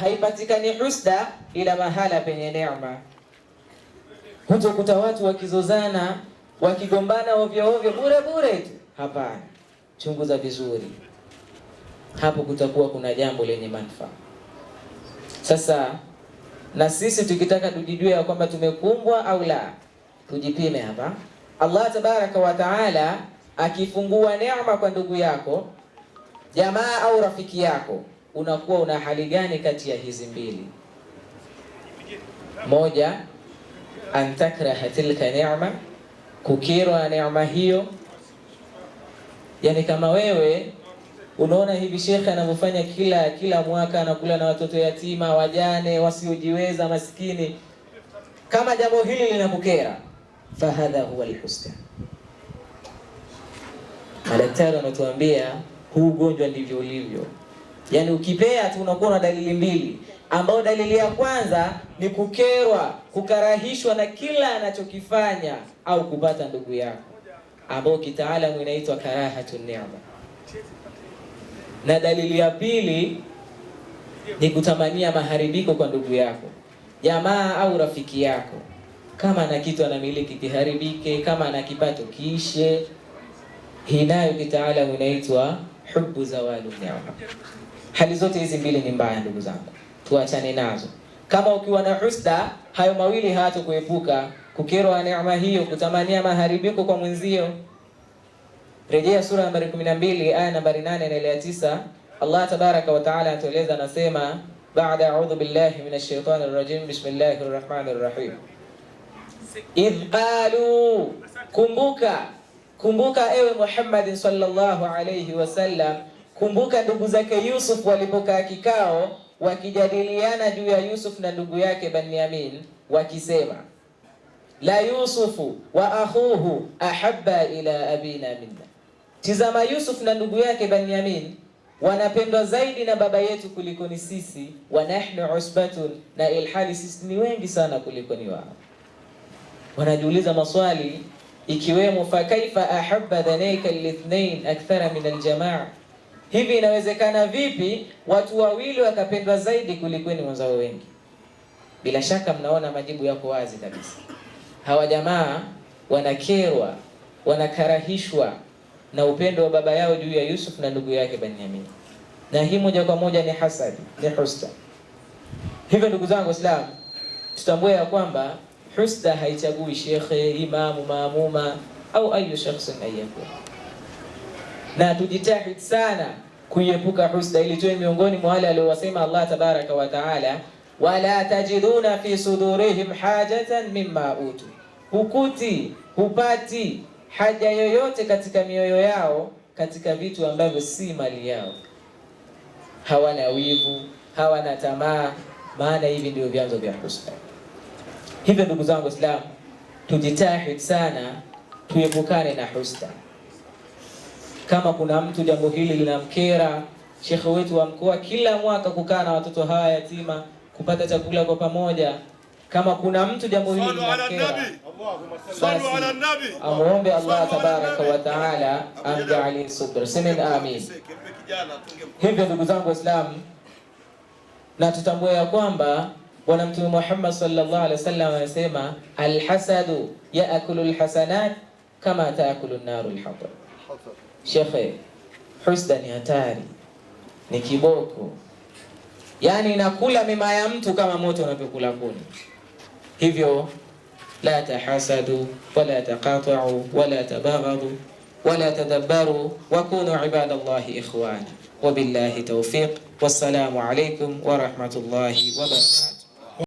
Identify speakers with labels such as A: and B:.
A: haipatikani husda ila mahala penye neema. Hutokuta watu wakizozana wakigombana ovyo ovyo bure bure tu, hapana. Chunguza vizuri, hapo kutakuwa kuna jambo lenye manufaa. Sasa na sisi tukitaka tujijue ya kwamba tumekumbwa au la, tujipime hapa. Allah tabaraka wa taala akifungua neema kwa ndugu yako, jamaa au rafiki yako unakuwa una hali gani kati ya hizi mbili? Moja, antakraha tilka neema, kukirwa neema hiyo. Yani kama wewe unaona hivi shekhe anavyofanya kila kila mwaka anakula na watoto yatima, wajane, wasiojiweza, maskini, kama jambo hili linakukera, fahadha huwa lhusta. Madaktari wanatuambia huu ugonjwa ndivyo ulivyo. Yaani ukipea tu unakuwa na dalili mbili, ambayo dalili ya kwanza ni kukerwa, kukarahishwa na kila anachokifanya au kupata ndugu yako, ambayo kitaalamu inaitwa karahatu neema, na dalili ya pili ni kutamania maharibiko kwa ndugu yako, jamaa au rafiki yako. Kama ana kitu anamiliki kiharibike, kama ana kipato kiishe. Hii nayo kitaalamu inaitwa hubu zawalu neema. Hali zote hizi mbili ni mbaya, ndugu zangu, tuachane nazo. Kama ukiwa na husda, hayo mawili hayatakuepuka: kukerwa neema hiyo, kutamania maharibiko kwa mwenzio. Rejea sura nambari 12 aya nambari 8 na ile ya 9. Allah tabaraka wa taala atueleza, anasema baada a'udhu billahi minash shaitani rajim bismillahir rahmanir rahim idh qalu, kumbuka kumbuka ewe Muhammad sallallahu alayhi wasallam Kumbuka ndugu zake Yusuf walipokaa kikao wakijadiliana juu ya Yusuf na ndugu yake Benyamin, wakisema la Yusufu wa akhuhu ahabba ila abina minna, tizama Yusuf na ndugu yake Benyamin wanapendwa zaidi na baba yetu kuliko ni sisi, wa nahnu usbatun, na ilhali sisi ni wengi sana kuliko ni wao. Wanajiuliza maswali ikiwemo, fa kaifa ahabba dhanaika lithnain akthara min aljamaa Hivi inawezekana vipi watu wawili wakapendwa zaidi kulikweni wenzao wengi? Bila shaka mnaona majibu yako wazi kabisa. Hawa jamaa wanakerwa, wanakarahishwa na upendo wa baba yao juu ya Yusuf na ndugu yake Benyamin, na hii moja kwa moja ni hasadi, ni husda. Hivyo ndugu zangu Waislamu, tutambue ya kwamba husda haichagui shekhe, imamu, maamuma au ayu shakhsin ayakuwa na tujitahidi sana kuiepuka husda, ili tuwe miongoni mwa wale aliowasema Allah tabaraka wa taala, wala tajiduna fi sudurihim hajatan mimma utu, hukuti hupati haja yoyote katika mioyo yao katika vitu ambavyo si mali yao. Hawana wivu, hawana tamaa, maana hivi ndio vyanzo vya husda. Hivyo ndugu zangu Islam, tujitahidi sana tuepukane na husda. Kama kuna mtu jambo hili linamkera, shekhe wetu wa mkoa kila mwaka kukaa na watoto hawa yatima kupata chakula kwa pamoja. Kama kuna mtu jambo hili linamkera, basi amuombe Allah tabaraka wa taala amjaalie subra. Semeni amin. Hivyo ndugu zangu Waislamu, na tutambue ya kwamba Bwana Mtume Muhammad sallallahu alaihi wasallam anasema, alhasadu yaakulu alhasanat kama taakulu naru alhatab Shekhe, husda ni hatari, ni kiboko, yaani inakula mema ya mtu kama moto unavyokula kuni. Hivyo la tahasadu wala taqatau wala tabaghadu wala tadabbaru wakunu ibadallahi ikhwana. Wabillahi taufiq wassalamu alaikum warahmatullahi wabarakatuh.